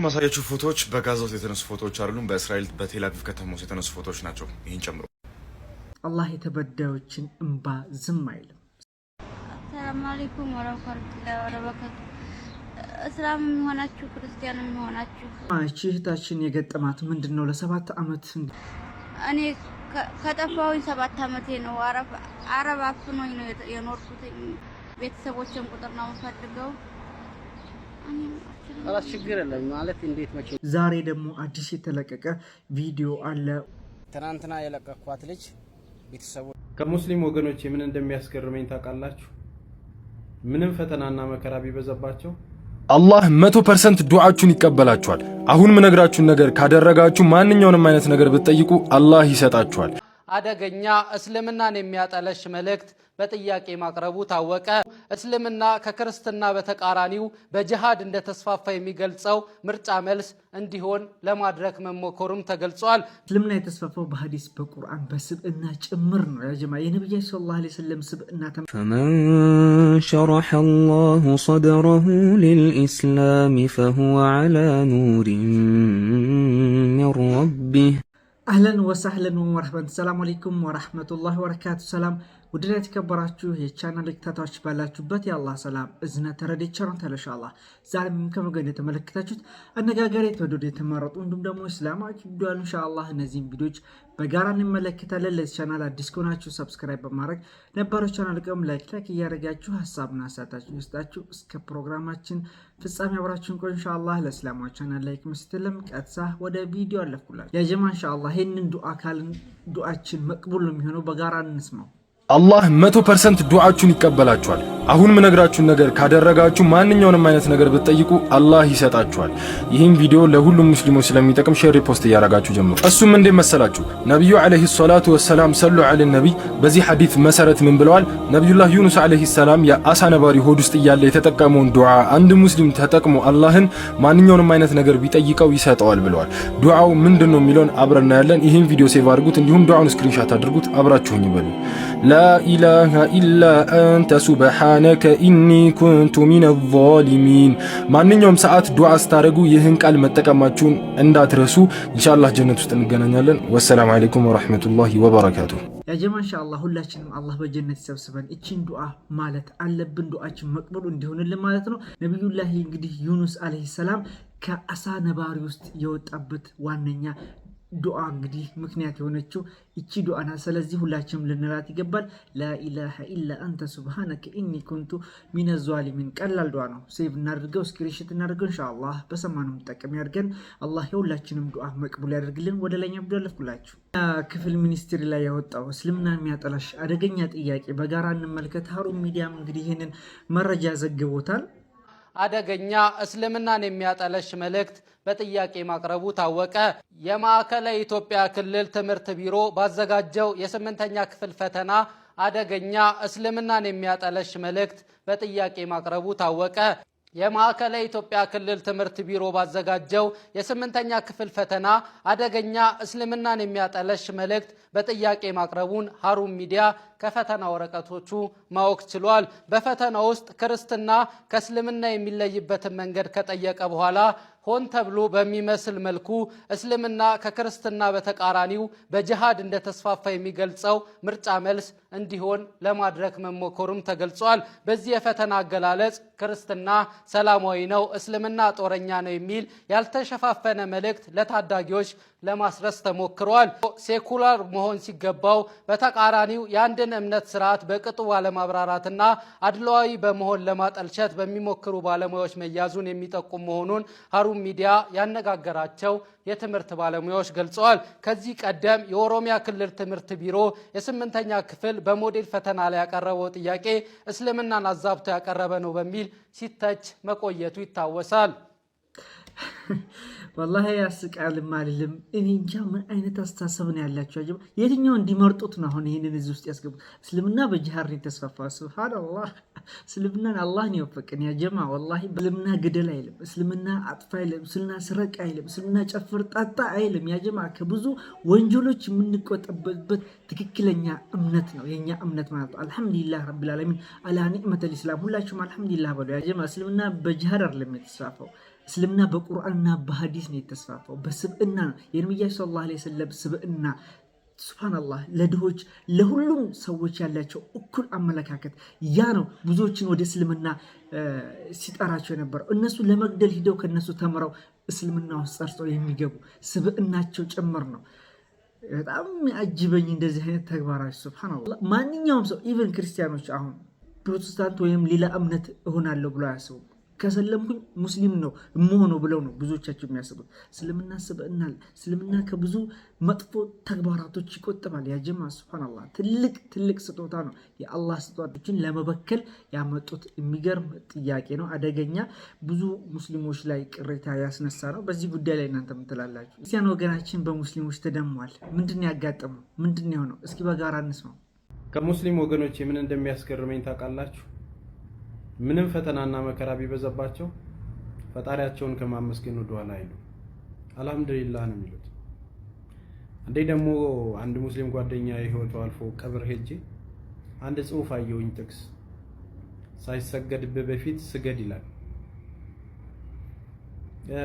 አሁን ማሳያችሁ ፎቶዎች በጋዛ ውስጥ የተነሱ ፎቶዎች አይደሉም። በእስራኤል በቴላቪቭ ከተማ ውስጥ የተነሱ ፎቶዎች ናቸው። ይህን ጨምሮ አላህ የተበዳዮችን እንባ ዝም አይልም። አሰላሙ አለይኩም ወረህመቱላሂ ወበረካቱ። እስላም የሆናችሁ ክርስቲያን የሆናችሁ እቺ እህታችን የገጠማት ምንድን ነው? ለሰባት ዓመት እኔ ከጠፋሁኝ ሰባት ዓመቴ ነው። አረብ አፍኖኝ ነው የኖርኩት። ቤተሰቦችን ቁጥር ነው የምፈልገው ራስ ችግር የለም ማለት እንዴት መቼ። ዛሬ ደግሞ አዲስ የተለቀቀ ቪዲዮ አለ። ትናንትና የለቀኳት ልጅ ቤተሰቡ ከሙስሊም ወገኖች ምን እንደሚያስገርመኝ ታውቃላችሁ? ምንም ፈተናና መከራ ቢበዛባቸው አላህ መቶ ፐርሰንት ዱዓችሁን ይቀበላችኋል። አሁን ምነግራችሁን ነገር ካደረጋችሁ ማንኛውንም አይነት ነገር ብትጠይቁ አላህ ይሰጣችኋል። አደገኛ እስልምናን የሚያጠለሽ መልእክት በጥያቄ ማቅረቡ ታወቀ። እስልምና ከክርስትና በተቃራኒው በጅሃድ እንደተስፋፋ የሚገልጸው ምርጫ መልስ እንዲሆን ለማድረግ መሞከሩም ተገልጿል። እስልምና የተስፋፋው በሀዲስ በቁርአን በስብዕና ጭምር ነው። ያጀማ የነቢያችን ሰለላሁ ዐለይሂ ወሰለም ስብዕና ፈመን ሸረሐ ላሁ ሰድረሁ ሊልኢስላም ፈሁወ ዐላ ኑሪን ሚን ረቢህ አህለን ወሳህለን ወመርሐበን። ሰላሙ አለይኩም ወረሕመቱላሂ ወበረካቱ። ሰላም ውድና የተከበራችሁ የቻናል ተከታታዮች ባላችሁበት የአላ ሰላም እዝነት ተረድኤ ቸሩን ተለሻላ ዛሬም ከመገን የተመለከታችሁት አነጋገር የተወደዱ የተመረጡ እንዲሁም ደግሞ እስላማዊ ቪዲዮዋል ኢንሻአላህ እነዚህም ቪዲዮች በጋራ እንመለከታለን። ለዚህ ቻናል አዲስ ከሆናችሁ ሰብስክራይብ በማድረግ ነባሮች ቻናል ቀም ላይክ ላይክ እያደረጋችሁ ሀሳብና አሳታችሁ ይስጣችሁ። እስከ ፕሮግራማችን ፍጻሜ አብራችሁን ቆዩ እንሻላ ለእስላማዊ ቻናል ላይክ መስትልም ቀጥሳ ወደ ቪዲዮ አለፍኩላችሁ። ያጀማ እንሻላ ይህንን ዱዓ ካልን ዱዓችን መቅቡል ነው የሚሆነው። በጋራ እንስማው። አላህ መቶ ፐርሰንት ዱዓችሁን ይቀበላችኋል። አሁን ምነግራችሁን ነገር ካደረጋችሁ ማንኛውንም አይነት ነገር ብትጠይቁ አላህ ይሰጣችኋል። ይህም ቪዲዮ ለሁሉም ሙስሊሞች ስለሚጠቅም ሼር ፖስት እያደረጋችሁ ጀምሩ። እሱም እንዴ መሰላችሁ? ነቢዩ አለይሂ ሰላቱ ወሰላም ሰሉ ዓለ ነቢይ በዚህ ሐዲት መሰረት ምን ብለዋል? ነቢዩላህ ዩኑስ አለይሂ ሰላም የአሳ ነባሪ ሆድ ውስጥ እያለ የተጠቀመውን ዱዓ አንድ ሙስሊም ተጠቅሞ አላህን ማንኛውንም አይነት ነገር ቢጠይቀው ይሰጠዋል ብለዋል። ዱዓው ምንድን ነው የሚለውን አብረን እናያለን። ይህን ቪዲዮ ሴቭ አድርጉት፣ እንዲሁም ዱዓውን ስክሪንሻት አድርጉት። አብራችሁኝ ይበሉ ላ ኢላሃ ኢላ አንተ ሱብሃ ሱብሓነከ ኢኒ ኩንቱ ሚነ ዛሊሚን። ማንኛውም ሰዓት ዱዓ ስታደረጉ ይህን ቃል መጠቀማችሁን እንዳትረሱ። ኢንሻአላህ ጀነት ውስጥ እንገናኛለን። ወሰላም አለይኩም ወራህመቱላሂ ወበረካቱ። ያጀማ ኢንሻአላህ ሁላችንም አላህ በጀነት ይሰብስበን እቺን ዱዓ ማለት አለብን። ዱዓችን መቅበሉ እንዲሆንልን ማለት ነው። ነቢዩላህ እንግዲህ ዩኑስ አለይሂ ሰላም ከአሳ ነባሪ ውስጥ የወጣበት ዋነኛ ዱዓ እንግዲህ ምክንያት የሆነችው እቺ ዱዓ ናት። ስለዚህ ሁላችንም ልንላት ይገባል። ላኢላሀ ኢላ አንተ ሱብሃነከ ኢኒ ኩንቱ ሚነ ዟሊሚን። ቀላል ዱዓ ነው። ሴቭ እናደርገው፣ ስክሪንሽት እናደርገው። ኢንሻአላህ በሰማነው ጠቀም ያድርገን። አላህ የሁላችንም ዱዓ መቅቡል ያደርግልን። ወደ ላይኛ ብዶ ያለፍኩላችሁ ክፍል ሚኒስትሪ ላይ ያወጣው እስልምና የሚያጠላሽ አደገኛ ጥያቄ በጋራ እንመልከት። ሀሩን ሚዲያም እንግዲህ ይህንን መረጃ ዘግቦታል። አደገኛ እስልምናን የሚያጠለሽ መልእክት በጥያቄ ማቅረቡ ታወቀ። የማዕከላዊ ኢትዮጵያ ክልል ትምህርት ቢሮ ባዘጋጀው የስምንተኛ ክፍል ፈተና አደገኛ እስልምናን የሚያጠለሽ መልእክት በጥያቄ ማቅረቡ ታወቀ። የማዕከላዊ ኢትዮጵያ ክልል ትምህርት ቢሮ ባዘጋጀው የስምንተኛ ክፍል ፈተና አደገኛ እስልምናን የሚያጠለሽ መልእክት በጥያቄ ማቅረቡን ሀሩን ሚዲያ ከፈተና ወረቀቶቹ ማወቅ ችሏል። በፈተና ውስጥ ክርስትና ከእስልምና የሚለይበትን መንገድ ከጠየቀ በኋላ ሆን ተብሎ በሚመስል መልኩ እስልምና ከክርስትና በተቃራኒው በጅሃድ እንደተስፋፋ የሚገልጸው ምርጫ መልስ እንዲሆን ለማድረግ መሞከሩም ተገልጿል። በዚህ የፈተና አገላለጽ ክርስትና ሰላማዊ ነው፣ እስልምና ጦረኛ ነው የሚል ያልተሸፋፈነ መልእክት ለታዳጊዎች ለማስረስ ተሞክሯል። ሴኩላር መሆን ሲገባው በተቃራኒው የአንድን እምነት ስርዓት በቅጡ ባለማብራራትና አድለዋዊ በመሆን ለማጠልሸት በሚሞክሩ ባለሙያዎች መያዙን የሚጠቁም መሆኑን ሀሩን ሚዲያ ያነጋገራቸው የትምህርት ባለሙያዎች ገልጸዋል። ከዚህ ቀደም የኦሮሚያ ክልል ትምህርት ቢሮ የስምንተኛ ክፍል በሞዴል ፈተና ላይ ያቀረበው ጥያቄ እስልምናን አዛብቶ ያቀረበ ነው በሚል ሲተች መቆየቱ ይታወሳል። ወላሂ ያስቃልም አልልም። እኔ እንጃ ምን አይነት አስተሳሰብ ነው ያላቸው? አጀባ የትኛውን እንዲመርጡት ነው አሁን ይህንን እዚህ ውስጥ ያስገቡት? እስልምና በጅሃር የተስፋፋ ስብሓንላህ። እስልምናን አላህ ነው የወፈቀን ያጀማ። ወላሂ በእስልምና ግደል አይልም፣ እስልምና አጥፍ አይልም፣ እስልምና ስረቅ አይልም፣ እስልምና ጨፍር ጣጣ አይልም። ያጀማ ከብዙ ወንጀሎች የምንቆጠበበት ትክክለኛ እምነት ነው የኛ እምነት ማለት ነው። አልሐምዱሊላህ ረብል ዓለሚን አላ ኒዕመተ ልእስላም። ሁላችሁም አልሐምዱሊላህ በሉ ያጀማ። እስልምና በጅሃር አይደለም የተስፋፋው እስልምና በቁርአንና በሀዲስ ነው የተስፋፋው፣ በስብዕና ነው። የነቢያችን ሰለላሁ ዐለይሂ ወሰለም ስብዕና ሱብሃነላህ ለድሆች ለሁሉም ሰዎች ያላቸው እኩል አመለካከት ያ ነው ብዙዎችን ወደ እስልምና ሲጠራቸው የነበረው። እነሱ ለመግደል ሂደው ከነሱ ተምረው እስልምና ውስጥ ጸርጸው የሚገቡ ስብዕናቸው ጭምር ነው። በጣም አጅበኝ እንደዚህ አይነት ተግባራች ሱብሃነላህ። ማንኛውም ሰው ኢቨን ክርስቲያኖች አሁን ፕሮቴስታንት ወይም ሌላ እምነት እሆናለሁ ብሎ አያስቡም። ከሰለምኩኝ ሙስሊም ነው እመሆነው ብለው ነው ብዙዎቻቸው የሚያስቡት። እስልምና ስብዕናል እስልምና ከብዙ መጥፎ ተግባራቶች ይቆጥባል። ያጀማ ስብሓንላ ትልቅ ትልቅ ስጦታ ነው። የአላህ ስጦታዎችን ለመበከል ያመጡት የሚገርም ጥያቄ ነው። አደገኛ ብዙ ሙስሊሞች ላይ ቅሬታ ያስነሳ ነው። በዚህ ጉዳይ ላይ እናንተ ምትላላችሁ? ክርስቲያን ወገናችን በሙስሊሞች ተደሟል። ምንድን ያጋጠመው? ምንድን የሆነው? እስኪ በጋራ እንስማው። ከሙስሊም ወገኖች ምን እንደሚያስገርመኝ ታውቃላችሁ? ምንም ፈተናና መከራ ቢበዛባቸው ፈጣሪያቸውን ከማመስገን ወደኋላ አይሉ አልሐምዱሊላህ ነው የሚሉት። እንዴ ደግሞ አንድ ሙስሊም ጓደኛ ህይወቱ አልፎ ቀብር ሄጄ አንድ ጽሁፍ አየውኝ ጥቅስ ሳይሰገድብህ በፊት ስገድ ይላል።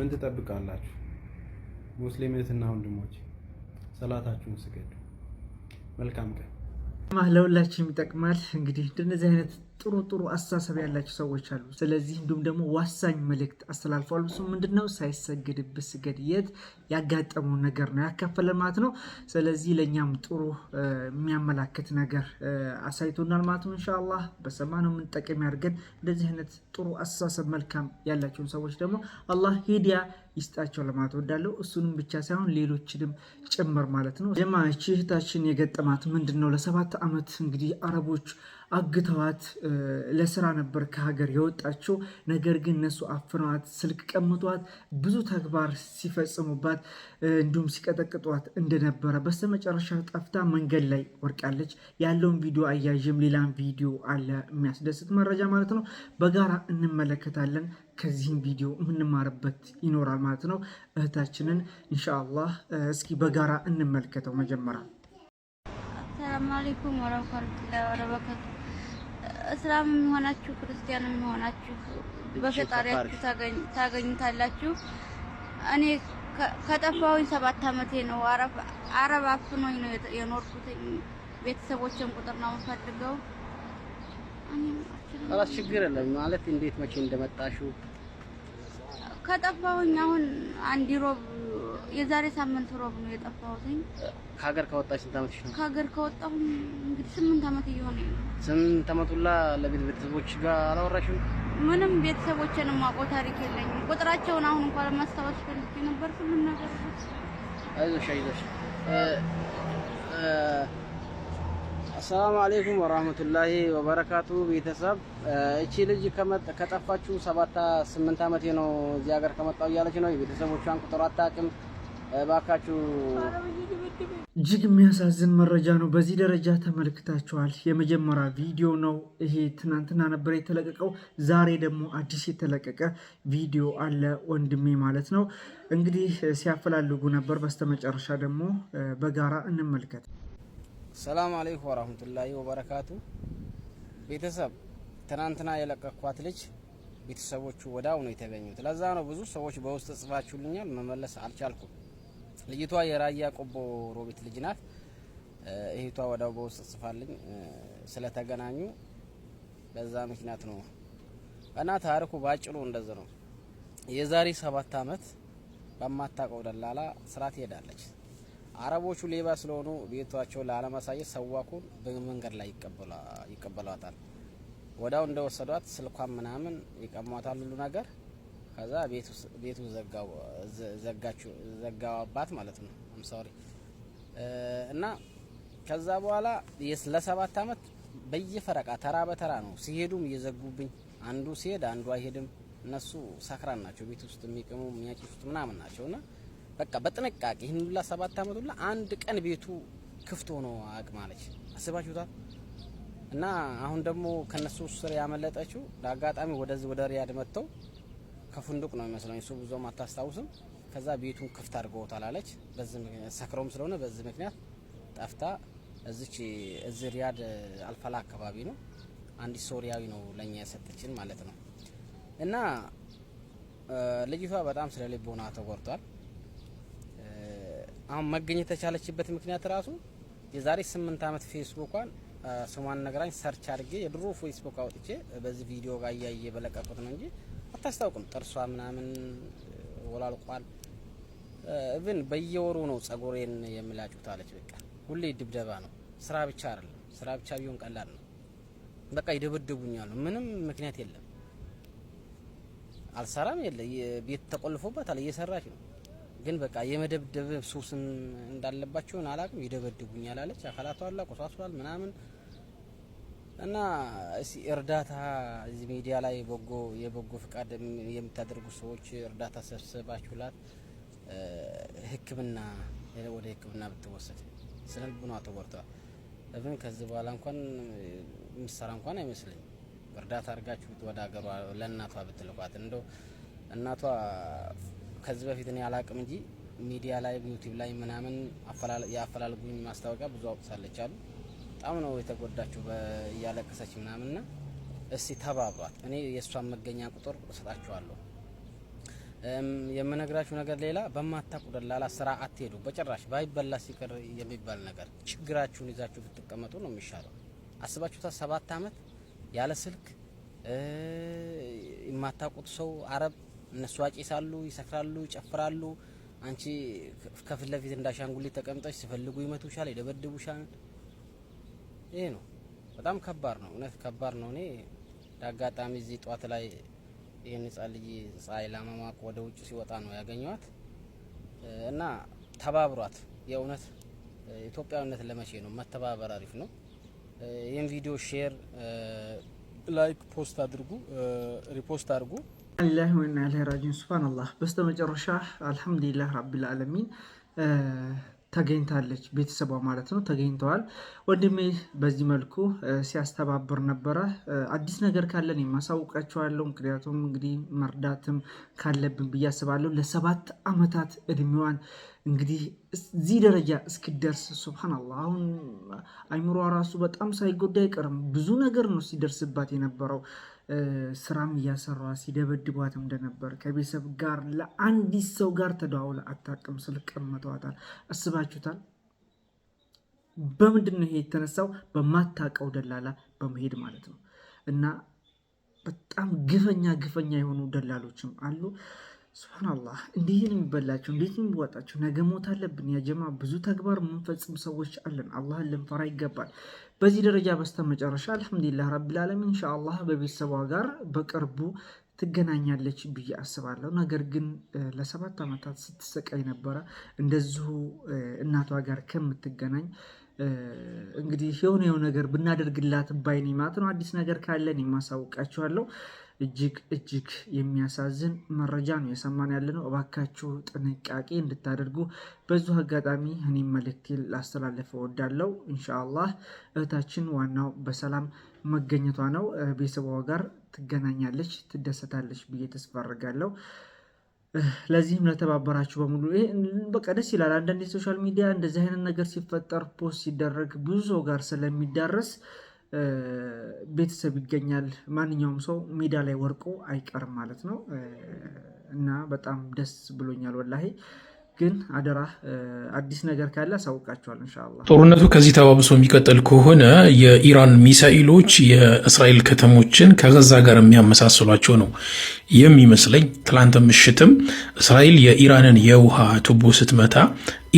ምን ትጠብቃላችሁ? ሙስሊም ወንድሞች ሰላታችሁን ስገዱ። መልካም ቀን። ለሁላችንም ይጠቅማል። እንግዲህ እንደነዚህ አይነት ጥሩ ጥሩ አስተሳሰብ ያላቸው ሰዎች አሉ። ስለዚህ እንዲሁም ደግሞ ዋሳኝ መልእክት አስተላልፈዋል። እሱ ምንድነው ነው? ስገድ የት ያጋጠመውን ነገር ነው ያካፈለ ማለት ነው። ስለዚህ ለእኛም ጥሩ የሚያመላክት ነገር አሳይቶናል ማለት ነው። በሰማ በሰማነው የምንጠቀም ያድርገን። እንደዚህ አይነት ጥሩ አስተሳሰብ መልካም ያላቸውን ሰዎች ደግሞ አላህ ሂዲያ ይስጣቸው ለማለት ወዳለው እሱንም ብቻ ሳይሆን ሌሎችንም ጭምር ማለት ነው። ጀማ እህታችን የገጠማት ምንድን ነው? ለሰባት ዓመት እንግዲህ አረቦች አግተዋት ለስራ ነበር ከሀገር የወጣችው። ነገር ግን እነሱ አፍነዋት፣ ስልክ ቀምጧት፣ ብዙ ተግባር ሲፈጽሙባት እንዲሁም ሲቀጠቅጧት እንደነበረ በስተመጨረሻ ጠፍታ መንገድ ላይ ወርቃለች። ያለውን ቪዲዮ አያዥም ሌላም ቪዲዮ አለ የሚያስደስት መረጃ ማለት ነው። በጋራ እንመለከታለን። ከዚህም ቪዲዮ የምንማርበት ይኖራል ማለት ነው። እህታችንን ኢንሻአላህ እስኪ በጋራ እንመልከተው። መጀመሪያ አሰላሙ አለይኩም ወረህመቱላሂ ወበረካቱ እስላም የሆናችሁ ክርስቲያን የሆናችሁ በፈጣሪያችሁ ታገኙታላችሁ። እኔ ከጠፋሁኝ ሰባት ዓመቴ ነው። አረብ አፍኖኝ ነው የኖርኩት። ቤተሰቦችን ቁጥር ነው የምፈልገው። ችግር የለም ማለት እንዴት መቼ እንደመጣሹ ከጠፋሁኝ አሁን አንድ ሮብ የዛሬ ሳምንት ሮብ ነው የጠፋሁትኝ። ከሀገር ከወጣሽ ስንት ዓመትሽ ነው? ከሀገር ከወጣሁ እንግዲህ ስምንት ዓመት እየሆነ ነው። ስምንት ዓመት ሁላ ቤተሰቦች ጋር አላወራሽም? ምንም ቤተሰቦችን ማቆ ታሪክ የለኝም። ቁጥራቸውን አሁን እንኳን ለማስታወስ ፈልጌ ነበር። ሁሉም ነገር አይዞሽ አይዞሽ አሰላሙ አሌይኩም ወራህመቱላሂ ወበረካቱ። ቤተሰብ እቺ ልጅ ከጠፋችሁ ሰባት ስምንት ዓመቴ ነው እዚህ ሀገር ከመጣሁ እያለች ነው። የቤተሰቦቿን ቁጥር አታውቅም። እባካችሁ እጅግ የሚያሳዝን መረጃ ነው። በዚህ ደረጃ ተመልክታችኋል። የመጀመሪያ ቪዲዮ ነው ይሄ። ትናንትና ነበር የተለቀቀው። ዛሬ ደግሞ አዲስ የተለቀቀ ቪዲዮ አለ ወንድሜ ማለት ነው። እንግዲህ ሲያፈላልጉ ነበር። በስተመጨረሻ ደግሞ በጋራ እንመልከት። ሰላም አለይኩም ወራህመቱላሂ ወበረካቱ። ቤተሰብ ትናንትና የለቀኳት ልጅ ቤተሰቦቹ ወዳው ነው የተገኙት። ለዛ ነው ብዙ ሰዎች በውስጥ ጽፋችሁልኛል መመለስ አልቻልኩም። ልጅቷ የራያ ቆቦ ሮቤት ልጅ ናት። እህቷ ወዳው በውስጥ ጽፋልኝ ስለተገናኙ በዛ ምክንያት ነው እና ታሪኩ ባጭሩ እንደዚ ነው። የዛሬ ሰባት አመት በማታውቀው ደላላ ስራ ትሄዳለች። አረቦቹ ሌባ ስለሆኑ ቤቷቸው ላለማሳየት ሰዋኩን በመንገድ ላይ ይቀበሏታል። ወዳው እንደወሰዷት ስልኳን ምናምን ይቀሟታል፣ ሁሉ ነገር ከዛ ቤቱ ዘጋዋባት ማለት ነው። አምሳሪ እና ከዛ በኋላ ለሰባት አመት በየፈረቃ ተራ በተራ ነው ሲሄዱም እየዘጉብኝ፣ አንዱ ሲሄድ አንዱ አይሄድም። እነሱ ሳክራን ናቸው፣ ቤት ውስጥ የሚቅሙ የሚያጭሱት ምናምን ናቸው እና በቃ በጥንቃቄ ይህን ሁላ ሰባት አመት ሁላ አንድ ቀን ቤቱ ክፍት ሆኖ አቅማለች። አስባችሁታል? እና አሁን ደግሞ ከነሱ ስር ያመለጠችው ለአጋጣሚ ወደዚህ ወደ ሪያድ መጥተው ከፉንዱቅ ነው የሚመስለኝ እሱ ብዙም አታስታውስም። ከዛ ቤቱን ክፍት አድርገውታል አለች። ሰክረውም ስለሆነ በዚህ ምክንያት ጠፍታ እዚች እዚህ ሪያድ አልፈላ አካባቢ ነው አንዲት ሶሪያዊ ነው ለኛ የሰጠችን ማለት ነው። እና ልጅቷ በጣም ስለ ልቦና ተጎድቷል። አሁን መገኘት የተቻለችበት ምክንያት ራሱ የዛሬ ስምንት አመት ፌስቡኳን ስሟን ነግራኝ ሰርች አድርጌ የድሮ ፌስቡክ አውጥቼ በዚህ ቪዲዮ ጋር እያየ በለቀቁት ነው እንጂ አታስታውቅም። ጥርሷ ምናምን ወላልቋል። እብን በየወሩ ነው ጸጉሬን የምላጩት አለች። በቃ ሁሌ ድብደባ ነው። ስራ ብቻ አይደለም። ስራ ብቻ ቢሆን ቀላል ነው። በቃ ይደበድቡኛል። ምንም ምክንያት የለም። አልሰራም የለ ቤት ተቆልፎበታል። እየሰራች ነው ግን በቃ የመደብደብ ሱስን እንዳለባቸውን አላቅም። ይደበድቡኛል አለች። አካላቷ አላ ቆሳስሏል ምናምን እና እርዳታ እዚህ ሚዲያ ላይ በጎ የበጎ ፍቃድ የምታደርጉ ሰዎች እርዳታ ሰብስባችሁላት ሕክምና ወደ ሕክምና ብትወሰድ ስነ ልቡና ተጎድተዋል። እብን ከዚህ በኋላ እንኳን ምሰራ እንኳን አይመስለኝ። እርዳታ አድርጋችሁ ወደ ሀገሯ ለእናቷ ብትልኳት እንደው እናቷ ከዚህ በፊት እኔ አላቅም እንጂ ሚዲያ ላይ ዩቲብ ላይ ምናምን የአፈላልጉኝ ማስታወቂያ ብዙ አውቅሳለች አሉ። በጣም ነው የተጎዳችሁ እያለቀሰች ምናምን ና እስቲ ተባብሯት። እኔ የእሷን መገኛ ቁጥር እሰጣችኋለሁ። የምነግራችሁ ነገር ሌላ በማታውቁ ደላላ ስራ አትሄዱ በጭራሽ። ባይበላ ሲቀር የሚባል ነገር ችግራችሁን ይዛችሁ ብትቀመጡ ነው የሚሻለው። አስባችሁታ ሰባት አመት ያለ ስልክ የማታውቁት ሰው አረብ እነሱ አጭሳሉ፣ ይሰክራሉ፣ ይጨፍራሉ። አንቺ ከፊት ለፊት እንዳሻንጉሊት ተቀምጠሽ ሲፈልጉ ይመቱሻል፣ ይደበድቡሻል። ይሄ ነው በጣም ከባድ ነው፣ እውነት ከባድ ነው። እኔ እንዳጋጣሚ እዚህ ጧት ላይ ይህን ህጻን ልጅ ፀሐይ ለመማቅ ወደ ውጭ ሲወጣ ነው ያገኘዋት እና ተባብሯት። የእውነት ኢትዮጵያዊነት ለመቼ ነው? መተባበር አሪፍ ነው። ይህን ቪዲዮ ሼር፣ ላይክ፣ ፖስት አድርጉ፣ ሪፖስት አድርጉ። አላህ ወና ላ ራጂን ሱብሃነላህ። በስተመጨረሻ አልሐምዱሊላህ ረቢል ዓለሚን ተገኝታለች፣ ቤተሰቧ ማለት ነው ተገኝተዋል። ወንድሜ በዚህ መልኩ ሲያስተባብር ነበረ። አዲስ ነገር ካለን የማሳውቃቸዋለሁ። ምክንያቱም እንግዲህ መርዳትም ካለብን ብዬ አስባለሁ። ለሰባት ዓመታት እድሜዋን እንግዲህ እዚህ ደረጃ እስክደርስ ሱብሃነላህ። አሁን አይምሯ ራሱ በጣም ሳይጎዳ አይቀርም። ብዙ ነገር ነው ሲደርስባት የነበረው ስራም እያሰራ ሲደበድቧት እንደነበር ከቤተሰብ ጋር ለአንዲት ሰው ጋር ተደዋውለ አታውቅም። ስልክ ቀምተዋታል። አስባችሁታል? በምንድን ነው ይሄ የተነሳው? በማታውቀው ደላላ በመሄድ ማለት ነው። እና በጣም ግፈኛ ግፈኛ የሆኑ ደላሎችም አሉ። ሱብሃናላህ እንዴት ነው የሚበላቸው? እንዴት ነው የሚዋጣቸው? ነገ ሞት አለብን። ያጀማ ብዙ ተግባር የምንፈጽም ሰዎች አለን። አላህን ልንፈራ ይገባል። በዚህ ደረጃ በስተመጨረሻ አልሐምዱሊላህ ረቢልዓለሚን ኢንሻአላህ በቤተሰቧ ጋር በቅርቡ ትገናኛለች ብዬ አስባለሁ። ነገር ግን ለሰባት ዓመታት ስትሰቃይ ነበረ። እንደዚሁ እናቷ ጋር ከምትገናኝ እንግዲህ የሆነ ነገር ብናደርግላት ባይኔ ማለት ነው። አዲስ ነገር ካለን የማሳውቃችኋለሁ። እጅግ እጅግ የሚያሳዝን መረጃ ነው የሰማን ያለ ነው። እባካችሁ ጥንቃቄ እንድታደርጉ በዙ አጋጣሚ እኔም መልእክቴን ላስተላለፈ ወዳለው ኢንሻአላህ እህታችን ዋናው በሰላም መገኘቷ ነው። ቤተሰቧ ጋር ትገናኛለች፣ ትደሰታለች ብዬ ተስፋ አድርጋለሁ። ለዚህም ለተባበራችሁ በሙሉ በቃ ደስ ይላል። አንዳንድ የሶሻል ሚዲያ እንደዚህ አይነት ነገር ሲፈጠር ፖስት ሲደረግ ብዙ ሰው ጋር ስለሚዳረስ ቤተሰብ ይገኛል። ማንኛውም ሰው ሜዳ ላይ ወርቆ አይቀርም ማለት ነው እና በጣም ደስ ብሎኛል ወላሄ ግን አደራ አዲስ ነገር ካለ አሳውቃቸዋል። እንሻላ ጦርነቱ ከዚህ ተባብሶ የሚቀጥል ከሆነ የኢራን ሚሳኤሎች የእስራኤል ከተሞችን ከገዛ ጋር የሚያመሳስሏቸው ነው የሚመስለኝ። ትላንት ምሽትም እስራኤል የኢራንን የውሃ ቱቦ ስትመታ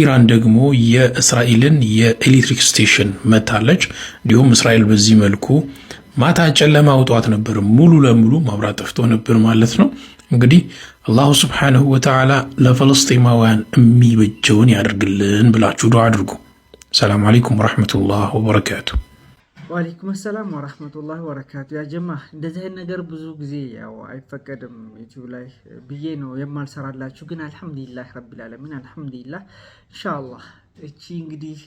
ኢራን ደግሞ የእስራኤልን የኤሌክትሪክ ስቴሽን መታለች። እንዲሁም እስራኤል በዚህ መልኩ ማታ ጨለማ አውጧት ነበር፣ ሙሉ ለሙሉ ማብራት ጠፍቶ ነበር ማለት ነው። እንግዲህ አላሁ ስብሓንሁ ወተዓላ ለፈለስጢማውያን የሚበጀውን ያደርግልን ብላችሁ ዱዓ አድርጉ። ሰላም አለይኩም ወረሕመቱላህ ወበረካቱ። ዋሌይኩም ሰላም ወረህመቱላህ ወበረካቱ። ያጀማ እንደዚህ አይነት ነገር ብዙ ጊዜ ያው አይፈቀድም ዩቲዩብ ላይ ብዬ ነው የማልሰራላችሁ። ግን አልሐምዱሊላህ ረቢልዓለሚን አልሐምዱሊላህ ኢንሻአላህ። እቺ እንግዲህ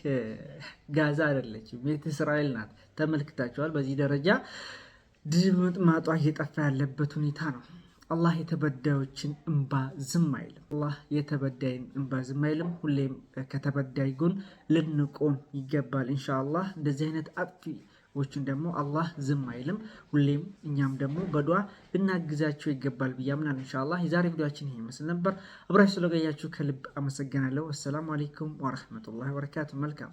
ጋዛ አይደለችም ቤት እስራኤል ናት። ተመልክታችኋል። በዚህ ደረጃ ድምጥማጧ እየጠፋ ያለበት ሁኔታ ነው። አላህ የተበዳዮችን እንባ ዝም አይልም። አላህ የተበዳይን እንባ ዝም አይልም። ሁሌም ከተበዳይ ጎን ልንቆም ይገባል። ኢንሻአላህ እንደዚህ አይነት ዎችን ደግሞ አላህ ዝም አይልም። ሁሌም እኛም ደግሞ በዱዓ ልናግዛቸው ይገባል ብዬ አምናለሁ። ኢንሻአላህ የዛሬ ቪዲዮችን ይሄ ይመስል ነበር። አብራችሁ ስለቆያችሁ ከልብ አመሰግናለሁ። አሰላሙ አለይኩም ወረህመቱላሂ ወበረካቱ። መልካም